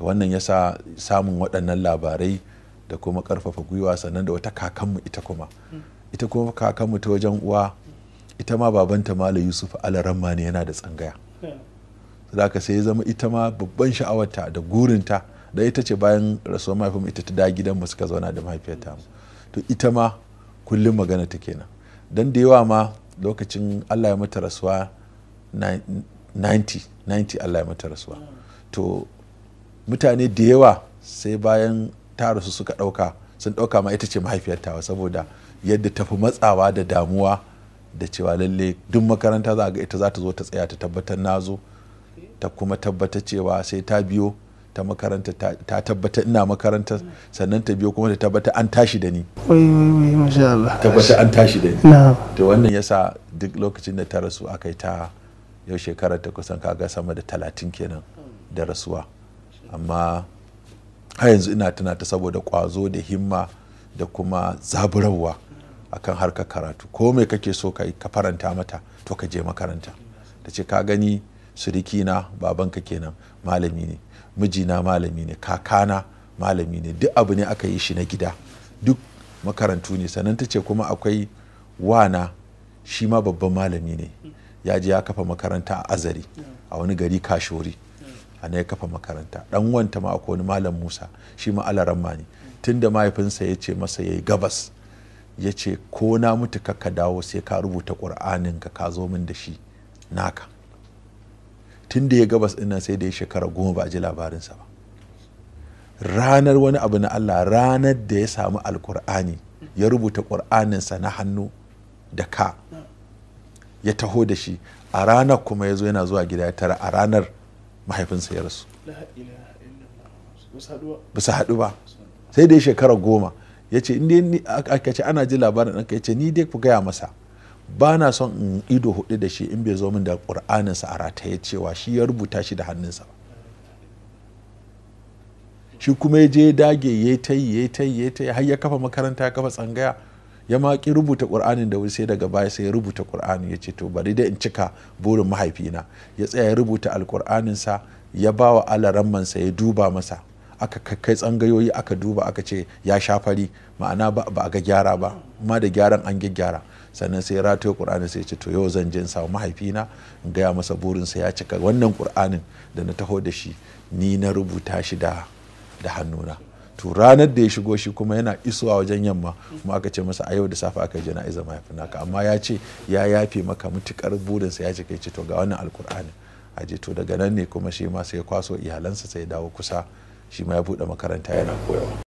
da wannan ya sa samun waɗannan labarai da kuma ƙarfafa gwiwa sannan da wata kakanmu ita kuma ita kuma kakanmu ta wajen uwa ita ma babanta malam yusuf alaramma ne yana da tsangaya zaka sai ya zama ita ma babban sha'awarta da gurinta da ita ce bayan rasuwar mahaifin ita ta da gidan mu suka zauna da mahaifiyarta mu to ita ma kullum magana ta kenan dan da yawa ma lokacin Allah ya mata rasuwa 90 90 Allah ya mata rasuwa to mutane da yawa sai bayan ta rasu suka ɗauka sun ɗauka ma ita ce mahaifiyar tawa saboda yadda ta fi matsawa da damuwa da cewa lalle duk makaranta za a ga ita za ta zo ta tsaya ta tabbatar na zo ta kuma tabbata cewa sai ta biyo ta makaranta ta tabbata ina makaranta sannan ta biyo kuma ta tabbata an tashi da ni tabbata an tashi da ni to wannan yasa duk lokacin da ta rasu aka yi ta yau shekarar ta kusan kaga sama da talatin kenan da rasuwa amma har yanzu ina tana ta saboda kwazo da himma da kuma zaburarwa akan harkar karatu ko mai kake so ka ka faranta mata to ka je makaranta ta ce ka gani suriki babanka kenan malami ne mijina malami ne kakana malami ne duk abu ne aka yi shi na gida duk makarantu ne sannan ta ce kuma akwai wana shi ma babban malami ne ya je ya kafa makaranta a azari a wani gari kashori a na ya kafa makaranta dan wanta ma akwai malam musa shi ma alaramma ne tun da mahaifinsa ya ce masa ya yi gabas ya ce ko na mutu ka dawo sai ka rubuta ƙur'anin ka ka zo min da shi naka tun da ya gabas dinnan sai da ya shekara goma ba a ji labarinsa ba ranar wani abu na allah ranar da ya samu alƙur'ani ya rubuta ƙur'aninsa na hannu da ka ya taho da shi a ranar kuma ya zo yana zuwa gida ya tara a ranar mahaifinsa ya rasu ba haɗu ba sai dai shekara goma ya ce inda aka ce ana ji labarin ɗanka ya ce ni dai ku gaya masa ba na son in ido hudu da shi in bai zo min da ƙur'aninsa a rataye cewa shi ya rubuta shi da hannunsa shi kuma ya je ya dage ya ta yi ya ta yi ya ta yi har ya kafa makaranta ya kafa tsangaya ya ma rubuta qur'anin da wuri sai daga baya sai ya rubuta qur'ani ya ce to bari dai in cika burin mahaifina ya tsaya ya rubuta alqur'anin sa ya ba wa alaramman sa ya duba masa aka kai tsangayoyi aka duba aka ce ya sha fari ma'ana ba a ga gyara ba amma da gyaran an gyara sannan sai rataye qur'anin sai ya ce to yau zan je in samu mahaifina in gaya masa burin sa ya cika wannan qur'anin da na taho da shi ni na rubuta shi da hannuna to ranar da ya shigo shi kuma yana isowa wajen yamma kuma aka ce masa a yau da safe aka iza mahaifin naka amma ya ce ya yafe maka mutukar burinsa ya ce kai ce to ga wannan alkur'ani a je to daga nan ne kuma shi ma sai kwaso iyalansa sai dawo kusa shi ma ya buɗe makaranta yana koyawa